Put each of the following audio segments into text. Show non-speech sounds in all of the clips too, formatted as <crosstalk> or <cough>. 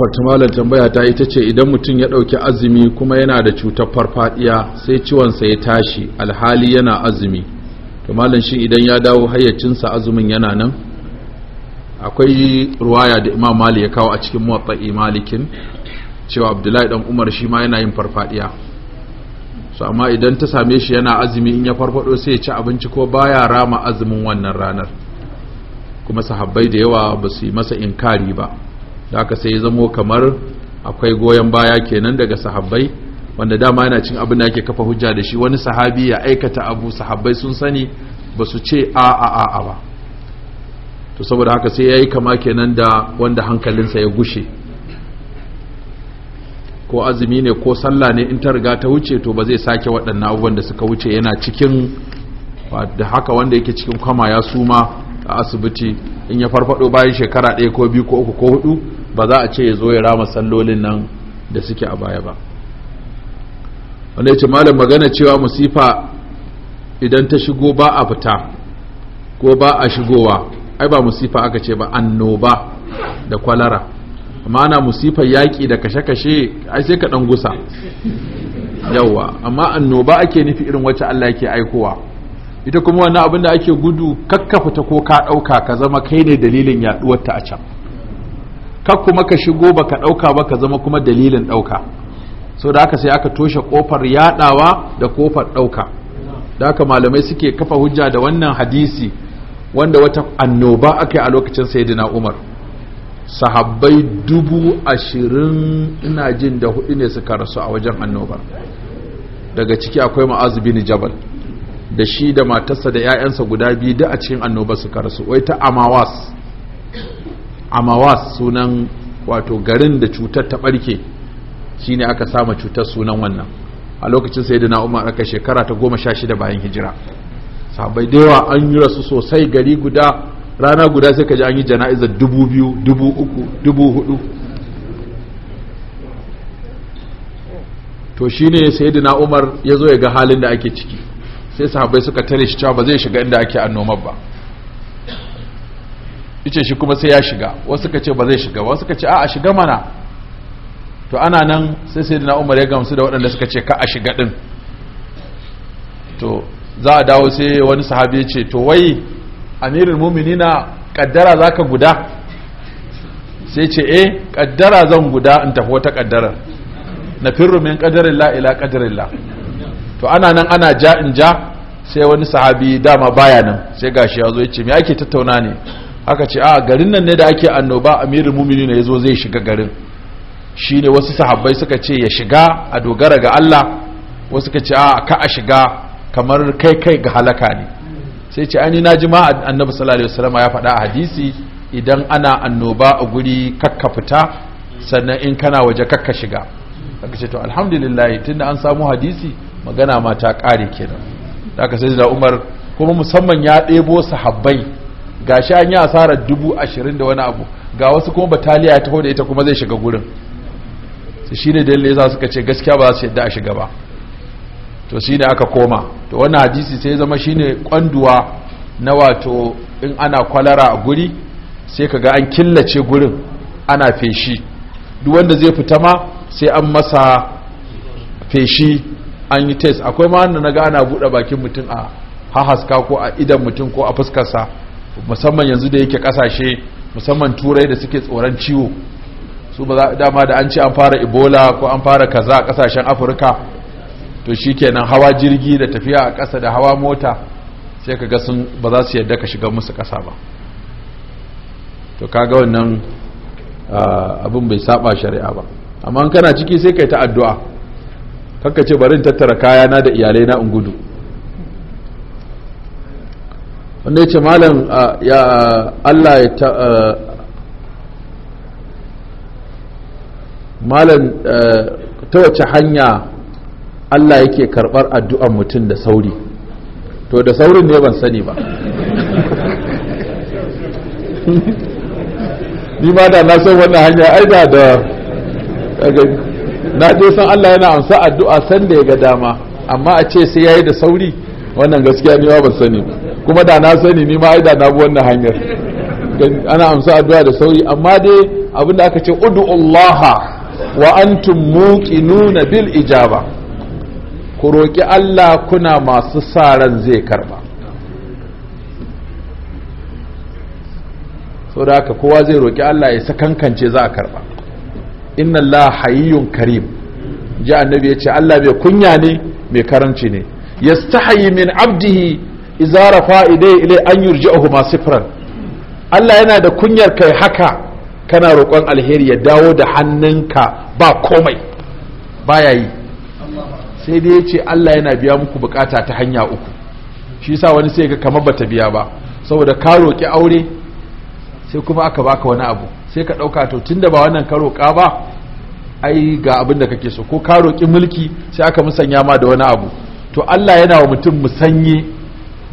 gafarta malam tambaya ta ita ce idan mutum ya ɗauki azumi kuma yana da cutar farfadiya sai ciwonsa ya tashi alhali yana azumi to malam shi idan ya dawo hayyacinsa azumin yana nan akwai ruwaya da imam mali ya kawo a cikin muwatta'i malikin cewa abdullahi dan umar shi ma yana yin farfadiya so amma idan ta same shi yana azumi in ya farfado sai ya ci abinci ko baya rama azumin wannan ranar kuma sahabbai da yawa ba su yi masa inkari ba da aka sai zamo kamar akwai goyon baya kenan daga sahabbai wanda dama yana cin abin da ake kafa hujja da shi wani sahabi ya aikata abu sahabbai sun sani ba su ce a a a a ba to saboda haka sai ya yi kama kenan da wanda hankalinsa ya gushe ko azumi ne ko sallah ne in ta riga ta wuce to ba zai sake waɗannan abubuwan da suka wuce yana cikin da haka wanda yake cikin kwama ya suma a asibiti in ya farfado bayan shekara ɗaya ko biyu ko uku ko hudu ba za a ce ya zo ya rama sallolin nan da suke a baya ba wanda ya ce malam magana cewa musifa idan ta shigo ba a fita ko ba a shigowa ai ba musifa aka ce ba annoba da kwalara amma ana musifar yaƙi da kashe-kashe ai sai ka ɗan gusa yawwa amma annoba ake nufi irin wacce Allah yake aikowa ita kuma wannan abin da ake gudu kakka fita ko ka ɗauka ka zama kai ne dalilin yaɗuwarta a can ka kuma ka shigo ka ɗauka ba ka zama kuma dalilin ɗauka so da haka sai aka toshe kofar yaɗawa da kofar ɗauka da haka malamai suke kafa hujja da wannan hadisi wanda wata annoba aka yi a lokacin sayyidina umar sahabbai dubu ashirin ina jin da hudu ne suka rasu a wajen annobar daga ciki akwai ma'azu bin jabal da shi da matarsa da 'ya'yansa guda biyu da a cikin annobar suka rasu wai ta amawas amawas sunan wato garin da cutar ta barke shine aka sama cutar sunan wannan a lokacin sayyidina umar aka shekara ta goma sha shida bayan hijira sabai da yawa an yi rasu sosai gari guda rana guda sai ka ji an yi jana'izar dubu biyu dubu uku dubu hudu to shi shine sayyidina umar ya zo ya ga halin da ake ciki sai sahabai suka tare shi cewa ba zai shiga inda ake annomar ba ice shi kuma sai ya shiga wasu ka ce ba zai shiga wasu ka ce a a shiga mana to ana nan sai sai na umar ya gamsu da waɗanda suka ce ka a shiga ɗin to za a dawo sai wani sahabi ya ce to wai amirin mumini na ƙaddara za ka guda sai ce eh ƙaddara zan guda in tafi wata ƙaddarar na firru min ƙaddarin la ila ƙaddarin la to ana nan ana ja in ja sai wani sahabi dama baya nan sai gashi ya zo ya ce me ake tattauna ne aka ce a ah, garin nan ne da ake annoba amirul mumini ne yazo zai shiga garin shine wasu sahabbai suka ce ya shiga a dogara ga Allah wasu suka ce a ah, ka a shiga kamar kai kai ga halaka ne sai ce ani na jima'a annabi sallallahu alaihi wasallam ya faɗa a hadisi idan ana annoba a guri kakka fita sannan in kana waje kakka shiga aka ce to alhamdulillah tunda an samu hadisi magana ma ta kare kenan da aka sai da Umar kuma musamman ya ɗebo sahabbai Ga shi an yi asara dubu ashirin da wani abu ga wasu kuma bataliya ya taho da ita kuma zai shiga gurin su shi ne dalilai za su ka ce gaskiya ba za su yadda a shiga ba to shi ne aka koma to wani hadisi sai zama shi ne kwanduwa na wato in ana kwalara a guri sai ka ga an killace gurin ana feshi duk wanda zai fita ma sai an masa feshi an yi test akwai ma wanda na ga ana buɗe bakin mutum a hahaska ko a idan mutum ko a fuskarsa musamman yanzu da yake kasashe musamman turai da suke tsoron ciwo su ba dama da an ce an fara ebola ko an fara kaza a kasashen afirka to shi kenan hawa jirgi da tafiya a kasa da hawa mota sai ka ga sun ba za su yadda ka shiga musu kasa ba to kaga wannan ah, abin bai saba shari'a ba amma kana ciki sai kai ta addu'a kakka ce in tattara kayana da iyalai na in gudu wanda ya ce malam ya Allah ya ta malam ta wace hanya Allah yake karɓar addu'an mutum da sauri to da saurin ne ban sani ba <laughs> ni ma da na san wannan hanya ai da da na je san Allah yana amsa addu'a san da ya ga dama amma a ce sai ya yi da sauri wannan gaskiya ne ba ban sani ba kuma da na sani ni ma ai da na bi wannan hanyar ana amsa addu'a da sauri amma dai da aka ce ud'u Allah wa antum muqinuna bil ijaba ku roki Allah kuna masu sa ran zai karba da haka kowa zai roki Allah ya sakankance za a karba inna Allah hayyun karim ji annabi ya ce Allah bai kunya ne mai karanci ne yastahi min abdihi idza ile idai ilai an huma sifran Allah yana da kunyar kai haka kana roƙon alheri ya dawo da hannunka ba komai ba ya yi sai dai ya ce Allah yana biya muku bukata ta hanya uku shi sa wani sai ga kamar ta biya ba saboda ka roƙi aure sai kuma aka baka wani abu sai ka ɗauka to tunda ba wannan ka roƙa ba ai ga abin da kake so ko ka roƙi mulki sai aka musanya ma da wani abu to Allah yana wa mutum musanye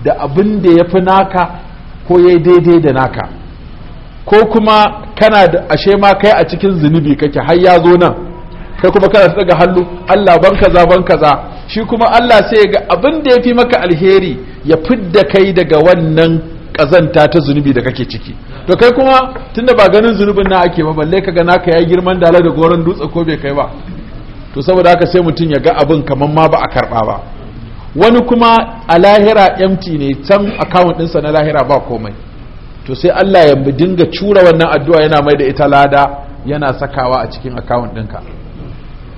da abin da ya fi naka ko ya yi daidai da naka ko kuma kana da ashe ma kai a cikin zunubi kake har ya zo nan kai kuma kana daga hannu Allah ban kaza ban kaza shi kuma Allah sai ga abin da ya fi maka alheri ya fidda kai daga wannan kazanta ta zunubi da kake ciki to kai kuma tunda ba ganin zunubin na ake ba balle kaga naka ya girman dala da goron dutse ko bai kai ba to saboda haka sai mutum ya ga abin kaman ma ba a karba ba wani kuma a lahira empty ne can account ɗinsa na lahira ba komai to sai Allah ya dinga cura wannan addu'a yana mai da ita lada yana sakawa a cikin account ɗinka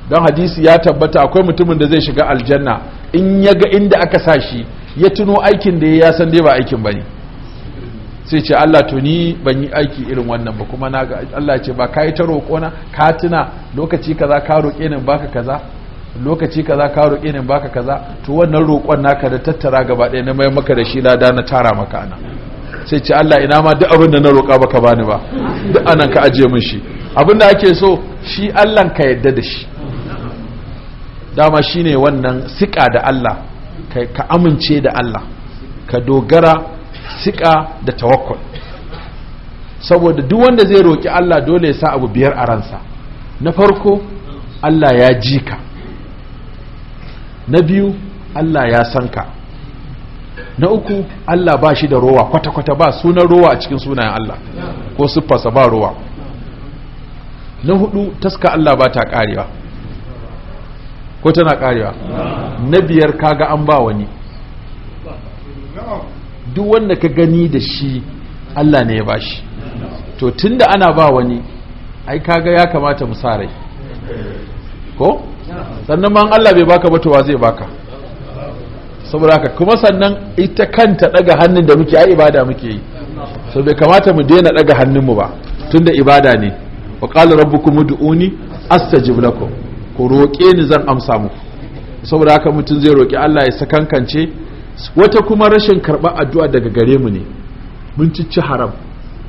don hadisi ya tabbata akwai mutumin da zai shiga aljanna in ya ga inda aka sa shi ya tuno aikin da ya san dai ba aikin bane sai ce Allah to ni ban yi aiki irin wannan ba kuma na ga Allah ce ba ka yi ta roƙona ka tuna lokaci kaza ka roƙe ni baka kaza lokaci kaza ka roƙe ne baka kaza to wannan roƙon naka da tattara gaba ɗaya na mai maka da shi lada na tara maka ana sai ce Allah ina ma duk abin da na roƙa baka bani ba duk anan ka aje min shi abin da ake so shi Allah ka yadda da shi dama shine wannan sika da Allah ka amince da Allah ka dogara sika da tawakkul saboda duk wanda zai roƙi Allah dole ya sa abu biyar a ransa na farko Allah ya ji ka na biyu Allah ya san ka na uku Allah ba shi da rowa kwata-kwata ba sunan rowa a cikin sunayen Allah ko siffarsa ba rowa na hudu taska Allah ba ta karewa ko tana karewa na biyar kaga an ba wani duk wanda ka gani da shi Allah ne ya ba shi. to tunda ana ba wani ai kaga ya kamata mu sa rai ko sannan ma Allah bai baka ba to wa zai baka saboda haka kuma sannan ita kanta daga hannun da muke ai ibada muke yi so bai kamata mu daina daga mu ba tunda ibada ne wa qala rabbukum ud'uni astajib lakum ku roƙe ni zan amsa muku saboda haka mutum zai roki Allah ya sakankance wata kuma rashin karɓar addu'a daga gare mu ne mun cicci haram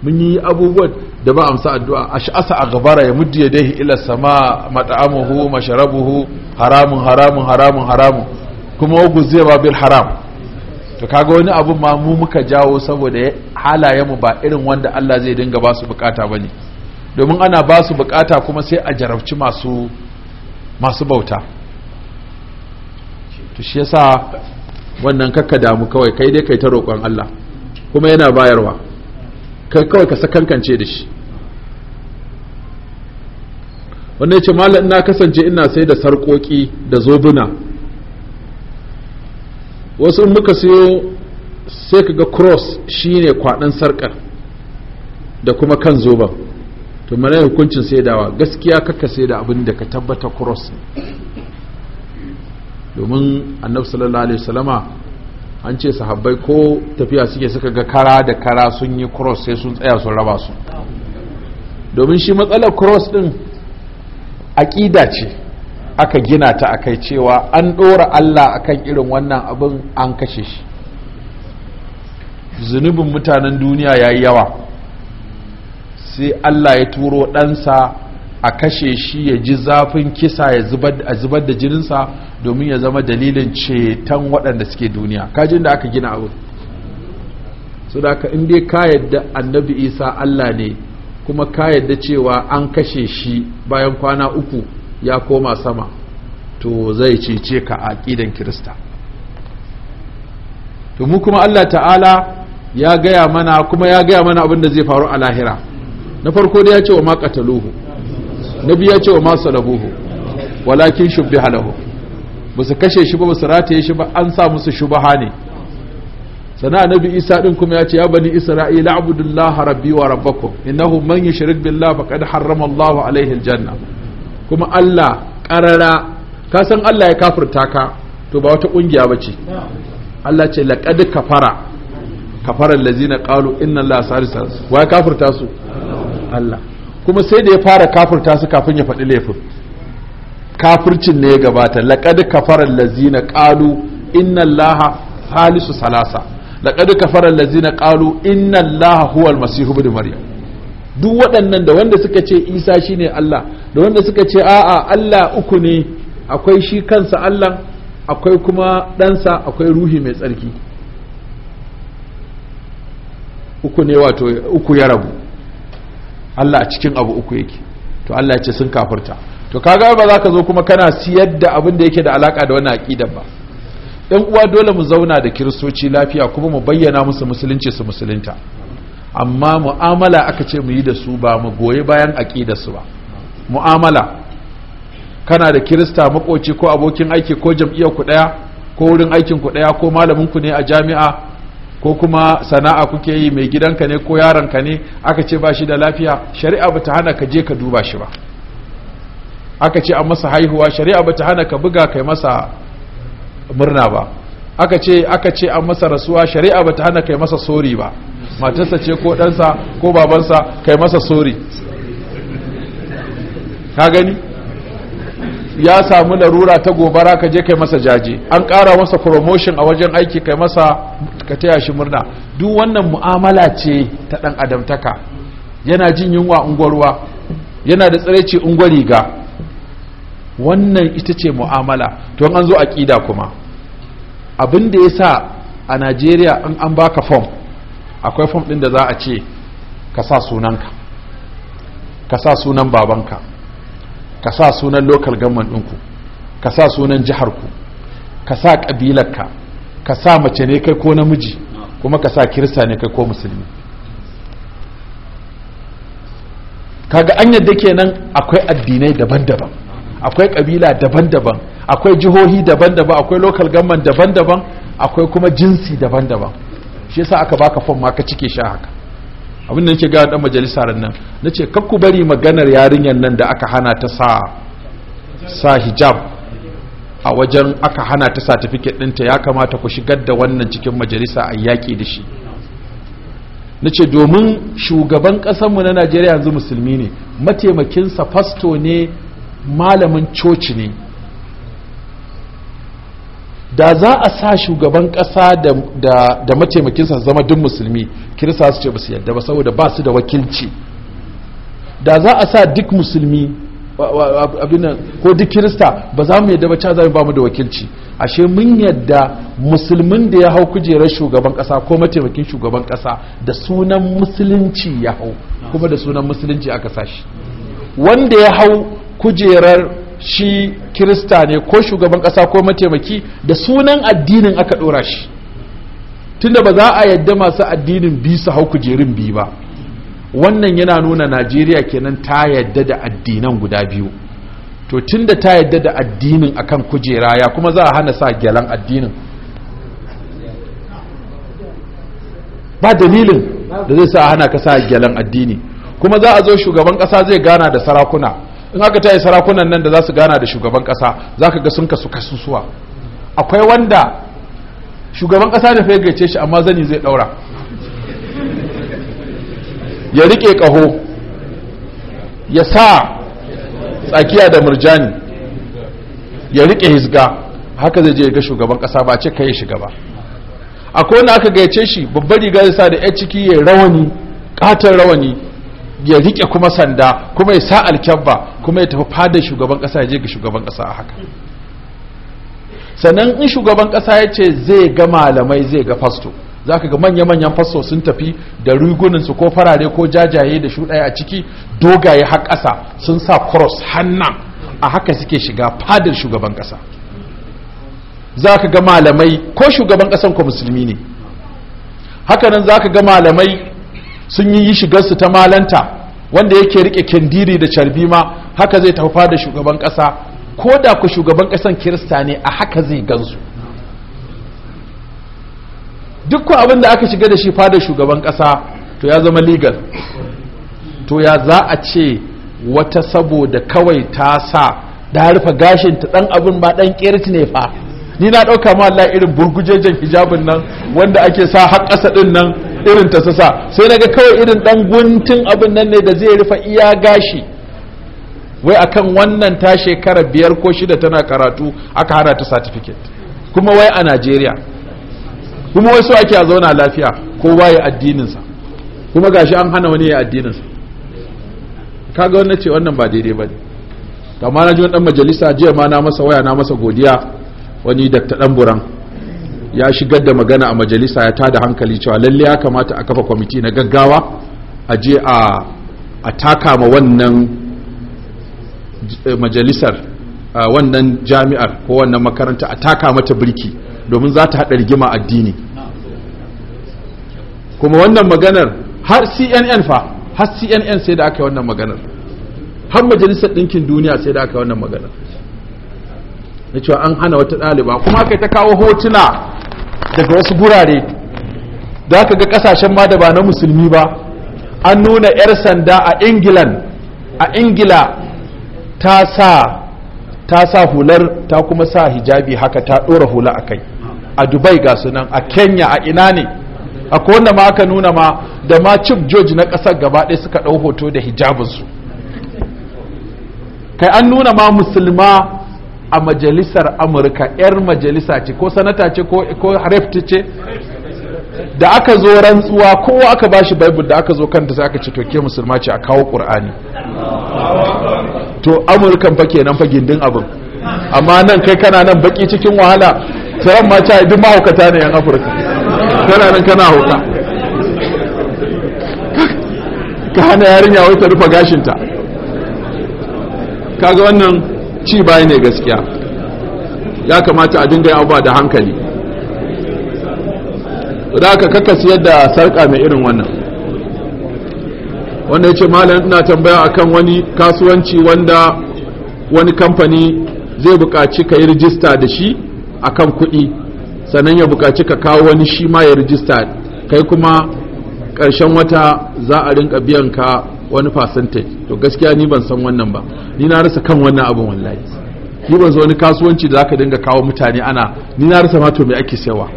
mun yi abubuwan. da ba amsa addu'a A ash'asa aghbara ya muddi yadayhi ila sama mat'amuhu masharabuhu haramun haramun haramun haramun kuma zai ba bil haram to kaga wani abun ma mu muka jawo saboda halaye mu ba irin wanda Allah zai dinga ba su bukata bane domin ana ba su bukata kuma sai a jarabci masu masu bauta to shi yasa wannan kakka damu kawai kai dai kai ta roƙon Allah kuma yana bayarwa kai kawai ka sakankance da shi wanda ya ce malam ina kasance ina sai da sarƙoƙi da zobuna wasu in muka siyo sai ka ga cross shine kwaɗan sarƙar da kuma kan zoban to mana hukuncin saidawa gaskiya kaka da abin da ka tabbata cross domin annabi sallallahu alaihi wasallama an ce sahabbai ko tafiya suke suka ga kara da kara sun yi cross sai sun tsaya sun raba su domin shi matsalar cross din aƙida ce aka gina ta a kai cewa an ɗora Allah akan irin wannan abin an kashe shi zunubin mutanen duniya ya yi yawa sai Allah ya turo ɗansa a kashe shi ya ji zafin kisa ya zubar da jininsa domin ya zama dalilin ceton waɗanda suke duniya kajin da aka gina abin su da ka inda ka yadda annabi isa Allah ne kuma ka yadda cewa an kashe shi bayan kwana uku ya koma sama to zai cece ka a ƙidan kirista to mu kuma Allah ta'ala ya gaya mana kuma ya gaya mana abin da zai faru a lahira na farko da ya ce wa ma qataluhu na biya ce wa ma labuhu walakin shubbi halahu ba su kashe shi ba ba su rataye shi ba an sa musu shubaha ne sana annabi isa din kuma ya ce ya bani isra'ila abudullah rabbi wa rabbakum innahu man yushrik billah faqad harrama Allah alaihi aljanna kuma Allah karara ka san Allah ya kafirta ka to ba wata kungiya bace Allah ce laqad kafara kafara allazina qalu inna Allah salisa wa ya kafirta su Allah kuma sai da ya fara kafirta su kafin ya faɗi laifin kafircin ne ya gabata laqad kafara allazina qalu inna Allah salisu salasa laqad kafara allazina qalu inna allaha huwal masih ibn maryam duk waɗannan da wanda suka ce isa shine allah da wanda suka ce a'a allah uku ne akwai shi kansa allah akwai kuma ɗansa akwai ruhi mai tsarki uku ne wato uku ya rabu allah a cikin abu uku yake to allah ya ce sun kafirta to kaga ba za ka zo kuma kana siyar da abin da yake da alaka da wannan aqidar ba Ɗan uwa dole mu zauna da kiristoci lafiya kuma mu bayyana musu musulunci su musulunta amma mu'amala aka ce mu yi da su ba mu goyi bayan da su ba mu'amala kana da kirista makoci ko abokin aiki ko jam'iyyar ku ɗaya ko wurin aikin ku ɗaya ko malamin ku ne a jami'a ko kuma sana'a kuke yi mai gidanka ne ko yaronka ne aka ce ba shi da lafiya shari'a ba ta hana ka je ka duba shi ba aka ce a masa haihuwa shari'a ba ta hana ka buga kai masa murna ba aka ce aka ce an masa rasuwa shari'a bata hana kai masa sori ba matarsa ce ko ɗansa ko babansa kai masa sori ka gani ya samu larura ta gobara ka je kai masa jaje an ƙara masa promotion a wajen aiki kai masa ka taya shi murna duk wannan mu'amala ce ta ɗan adamtaka yana jin yunwa unguwarwa yana da tsiraici unguwar riga wannan ita ce mu'amala to an zo a ƙida kuma abin da ya sa a najeriya in an baka fom akwai fom ɗin da za a ce ka sa sunanka ka sa sunan babanka ka sa sunan local government ɗinku ka sa sunan jiharku ka sa ƙabilarka ka sa mace ne kai ko namiji kuma ka sa kirista ne kai ko musulmi kaga an yadda kenan akwai addinai daban-daban akwai kabila daban-daban akwai jihohi daban-daban akwai local government daban-daban akwai kuma jinsi daban-daban shi yasa aka baka fom ma ka cike shi haka abin da nake ga dan majalisa ran nan nace kar ku bari maganar yarinyar nan da aka hana ta sa sa hijab a wajen aka hana ta certificate ta ya kamata ku shigar da wannan cikin majalisa a yaki da shi nace domin shugaban mu na najeriya yanzu musulmi ne mataimakin sa fasto ne malamin coci ne da za a sa shugaban kasa da mataimakinsa zama duk musulmi kirista su ce ba su yadda ba saboda ba su da wakilci da za a sa duk musulmi ko duk kirista ba za mu yadda ba ca za mu ba mu da wakilci ashe mun yadda musulmin da ya hau kujerar shugaban kasa ko mataimakin shugaban kasa da sunan musulunci ya hau kuma da sunan musulunci aka sashi wanda ya hau kujerar shi kirista ne ko shugaban kasa ko mataimaki da sunan addinin aka ɗora shi tunda ba za a yadda masu addinin bi su hau kujerun bi ba wannan yana nuna najeriya kenan ta yadda da addinan guda biyu to tunda ta yadda da addinin akan kujera ya kuma za a hana sa gyalan addinin ba dalilin da zai sa a hana ka sa gyalan addini kuma za a zo shugaban kasa zai gana da sarakuna in aka taya sarakunan nan da za su gana da shugaban kasa za ka ga sun kasu kasusuwa akwai wanda shugaban kasa da fa gace shi amma zani zai daura ya rike kaho ya sa tsakiya da murjani ya rike hisga haka zai je ga shugaban kasa ba ce kai shiga ba akwai wanda aka gace shi babbar riga zai sa da ya ciki ya rawani katon rawani ya rike kuma sanda kuma ya sa alkyabba kuma ya tafi fadar shugaban kasa ya je ga shugaban kasa a haka sannan in shugaban kasa ya ce zai ga malamai zai ga fasto za ka ga manya-manyan fasto sun tafi da riguninsu ko farare ko jajaye da shuɗaya a ciki dogaye har ƙasa sun sa cross hannan a haka suke shiga fadar shugaban ƙasa za ka ga malamai ko shugaban ƙasan ko musulmi ne hakanan za ka ga malamai sun yi shigar yi su ta malanta wanda yake rike kindiri da carbi ma haka zai taufa da shugaban kasa ko da ku shugaban ƙasan kirista ne a haka zai gansu duk abin da aka shiga da shi fada shugaban ƙasa to ya zama legal to ya za a ce wata saboda kawai ta sa da rufe gashin ta dan abin ba dan kirit ne fa ni na dauka ma Allah irin burgujejen hijabin nan wanda ake sa har ƙasa din nan irin ta sasa sai naga kawai irin dan guntun abin nan ne da zai rufa iya gashi wai akan wannan ta shekara biyar ko shida tana karatu aka hana ta certificate kuma wai a Najeriya kuma wasu ake a zauna lafiya ko waye addininsa kuma gashi an hana wani ya addininsa kaga wannan ce wannan ba daidai ba ne amma na ji wani dan majalisa jiya ma na masa waya na masa godiya wani dakta dan buran ya shigar da magana a majalisa ya tada hankali cewa lalle ya kamata a kafa kwamiti na gaggawa a je a taka ma wannan eh, majalisar eh, wannan jami'ar ko wannan makaranta a taka mata birki domin za ta haɗa rigima addini kuma wannan maganar har cnn fa har cnn sai da aka yi wannan maganar har majalisar ɗinkin duniya sai da aka yi wannan maganar na cewa an hana wata ɗaliba kuma aka ta kawo hotuna daga wasu gurare da aka ga kasashen ma da ba na musulmi ba an nuna 'yar sanda a ingilan a ingila ta sa hular ta kuma sa hijabi haka ta ɗora hula a kai a dubai ga sunan a kenya a ina ne a wanda ma aka nuna ma da ma chief george na ƙasar gaba ɗaya suka ɗau hoto da hijabinsu kai an nuna ma musulma a majalisar amurka 'yar majalisa ce ko sanata ce ko harifta ce da aka zo rantsuwa kowa aka ba shi bible da aka zo kanta sai aka ce toke ke musulma ce a kawo ƙur'ani to amurkan fa kenan fa gindin abin amma nan kai kana nan baki cikin wahala tsaron ma ca idin mahaukata ne yan afirka kana nan kana hauka ka hana yarinya wai ta rufe gashinta kaga wannan ci baya ne gaskiya ya kamata a dinga ba da hankali da aka kaka siyar da sarka mai irin wannan wanda ya ce malam ina tambaya akan wani kasuwanci wanda wani kamfani zai bukaci ka yi rijista da shi akan kuɗi sannan ya bukaci ka kawo wani shi ma ya rijista kai kuma ƙarshen wata za a rinka biyan ka wani percentage to gaskiya ni ban san wannan ba ni na rasa kan wannan abin wallahi ni ban san wani kasuwanci da zaka dinga kawo mutane ana ni na rasa ma to me ake sayawa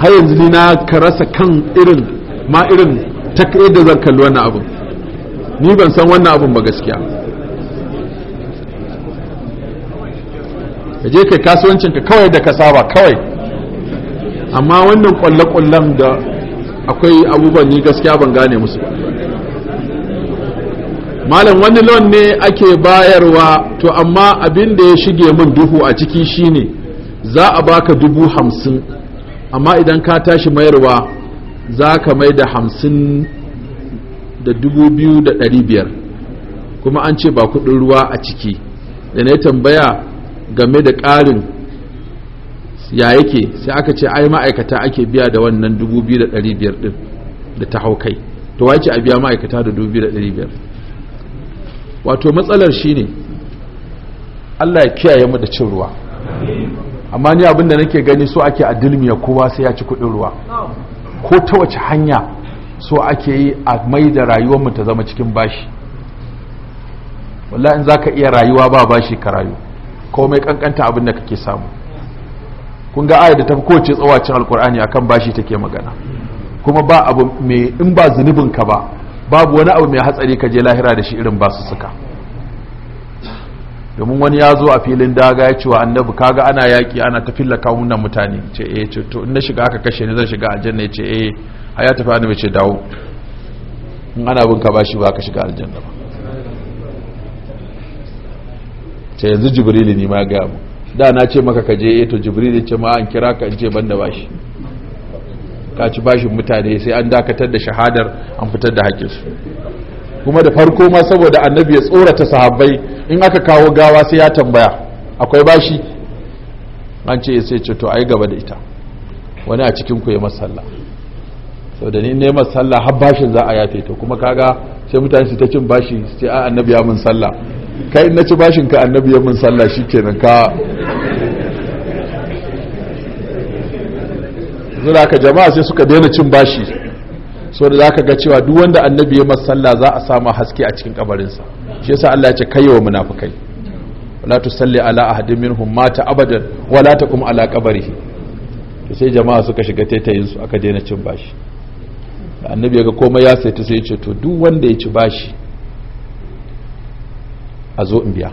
har yanzu ni na ka rasa kan irin ma irin ta da zan kalli wannan abin ni ban san wannan abin ba gaskiya ka je kai kasuwancinka kawai da ka saba kawai amma wannan kwalle-kwallen da akwai abubuwan ni gaskiya ban gane musu malam wani lon ne ake bayarwa to amma abin da ya shige min duhu a ciki shine za a baka dubu hamsin amma idan ka tashi mayarwa za ka mai da hamsin da dubu biyu da ɗari biyar kuma an ce ba kuɗin ruwa a ciki da na tambaya game da ƙarin ya yake sai aka ce ai ma'aikata ake biya da wannan dubu biyu da ɗari biyar ɗin da ta hau kai to wace a biya ma'aikata da dubu biyu da ɗari biyar wato matsalar shi ne Allah ya kiyaye mu da cin ruwa amma ni abinda nake gani so ake a ya kowa sai ya ci kudin ruwa ko ta wace hanya so ake yi a mai da rayuwar mu ta zama cikin bashi wallahi in zaka iya rayuwa ba bashi ka rayu mai kankanta abin da kake samu kun ga ayar da ta fi kowace tsawacin alkur'ani akan bashi take magana kuma ba abu mai in ba zunubin ka ba babu wani abu mai hatsari ka je lahira da shi irin basu suka domin wani ya zo a filin daga ya cewa annabi kaga ana yaƙi ana ta filla kawunan mutane ce eh ce to in na shiga aka kashe ni zan shiga aljanna ya ce eh a ya tafi annabi ce dawo in ana bin ka bashi ba ka shiga aljanna ba ce yanzu jibrili ne ma ga mu da na ce maka ka je eh to jibrili ce ma an kira ka in ce ban da bashi ka ci bashin mutane sai an dakatar da shahadar an fitar da su. kuma da farko ma saboda annabi ya tsorata sahabbai in aka kawo gawa sai ya tambaya akwai bashi an ce sai ce to ai gaba da ita wani a cikin ku ya masalla saboda ni ne masalla har bashin za a yafe to kuma kaga sai mutane su ta cin bashi su ce a annabi ya mun sallah kai in na ci bashin ka annabi ya mun sallah shikenan ka so da aka jama'a sai suka daina cin bashi so da ka ga cewa duk wanda annabi ya masa sallah za a samu haske a cikin kabarinsa shi yasa Allah ya ce kayyawa munafikai la tusalli ala ahadin minhum mata abadan wala taqum ala qabrihi to sai jama'a suka shiga taitayin su aka daina cin bashi annabi ya ga komai ya saita sai ya ce to duk wanda ya ci bashi a zo in biya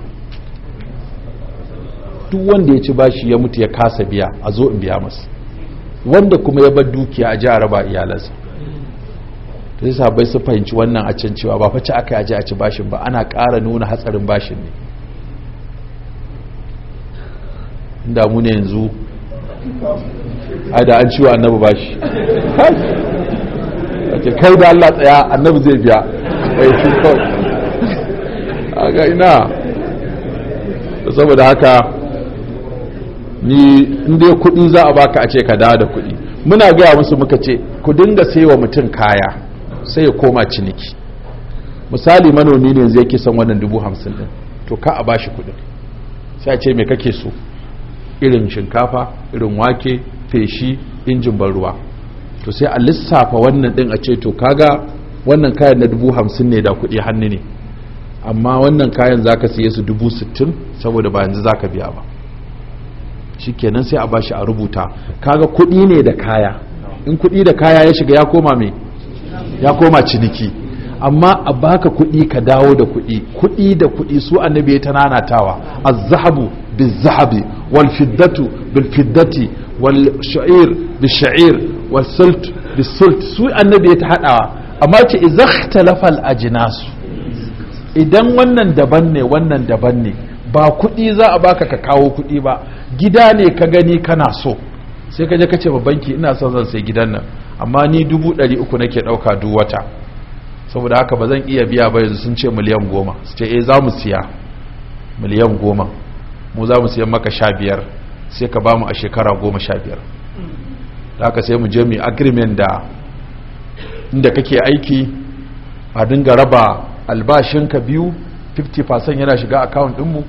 duk wanda ya ci bashi ya mutu ya kasa biya a zo in biya masa wanda kuma ya bar dukiya a jihar ba iyalansa to sai sabai su fahimci wannan a can cewa ba face aka yaji a ci bashin ba ana ƙara nuna hatsarin bashin ne inda mu ne yanzu a da an ciwo annabi bashi ake kai da Allah tsaya annabi zai biya shi a ga ina saboda haka ni inda dai kuɗi za a baka a ce ka dawo da kuɗi muna gaya musu muka ce ku dinga saiwa mutum kaya sai ya koma ciniki misali manomi ne zai kisan wannan dubu hamsin din to ka a bashi kuɗin sai a ce me kake so irin shinkafa irin wake feshi injin ban ruwa to sai a lissafa wannan din a ce to kaga wannan kayan na dubu hamsin ne da kuɗi hannu ne amma wannan kayan zaka siye su dubu sittin saboda ba yanzu zaka biya ba shikenan sai a bashi a rubuta kaga kuɗi ne da kaya in kuɗi da kaya ya shiga ya koma me ya koma ciniki amma a baka kuɗi ka dawo da kuɗi kuɗi da kuɗi su annabi ya tananatawa az-zahabu biz-zahabi wal-fiddatu bil-fiddati wal-sha'ir bil-sha'ir wal su annabi ya ta hadawa amma ce idza ikhtalafa al-ajnas idan wannan daban ne wannan daban ne ba kuɗi za a baka ka kawo kuɗi ba gida ne ka gani kana so sai ka je ka ce ba banki ina son zan sai gidan nan amma ni dubu ɗari uku nake ɗauka duk wata saboda haka ba zan iya biya ba yanzu sun ce miliyan goma su ce eh za mu siya miliyan goma mu za mu siyan maka sha biyar sai ka bamu a shekara goma sha biyar da haka sai mu je mu agreement da inda kake aiki a dinga raba albashinka biyu 50% yana shiga account ɗinmu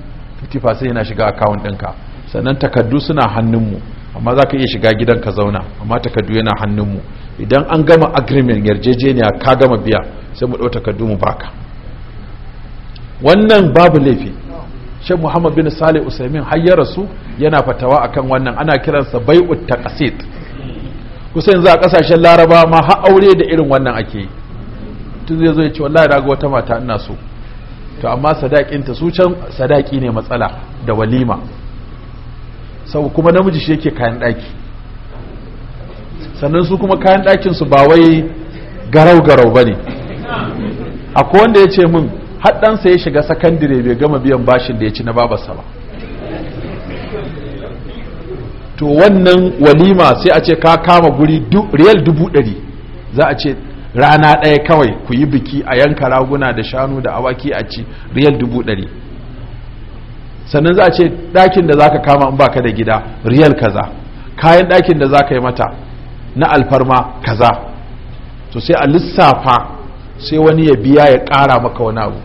sai yana shiga akawun ɗinka sannan takardu suna hannunmu amma za ka iya shiga gidan ka zauna amma takardu yana hannunmu idan an gama agreement yarjejeniya ka gama biya sai mu ɗau takardu mu baka wannan babu laifi shan muhammad bin sale usaimin har ya rasu yana fatawa akan wannan ana kiransa bai'ut kasit kusan za a kasashen laraba ma har aure da irin wannan ake yi tun zai zo ya ce wallahi na ga wata mata ina so to amma sadakinta su can sadaki ne matsala da walima sau kuma namiji shi yake kayan ɗaki sannan su kuma kayan ɗakinsu ba wai garau-garau ba ne akwai wanda ya ce min haɗansa ya shiga sakandire bai gama biyan bashin da ya ci na babarsa ba to wannan walima sai a ce ka kama guri real dubu ɗari za a ce rana ɗaya kawai ku yi biki a yanka raguna da shanu da awaki a ci riyal dubu ɗari sannan za a ce ɗakin da za ka kama in baka da gida riyal kaza kayan ɗakin da za ka yi mata na alfarma kaza to sai a lissafa sai wani ya biya ya ƙara maka wani abu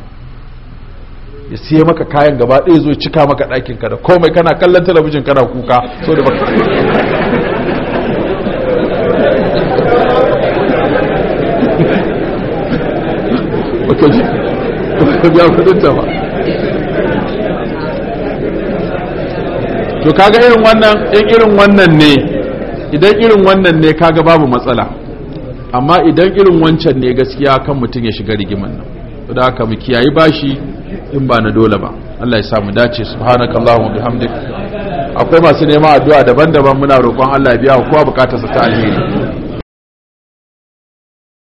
ya siya maka kayan gaba ɗaya zo cika maka ɗakin ka da komai kana kallon talabijin kana kuka so da baka ba biya ta ba to kaga irin wannan in irin wannan ne idan irin wannan ne kaga babu matsala amma idan irin wancan ne gaskiya kan mutum ya shiga rigiman nan da haka mu kiyayi bashi in ba na dole ba Allah ya samu dace subhanakallahumma bihamdik akwai masu neman addu'a daban-daban muna roƙon Allah ya biya kowa bukatarsa ta alheri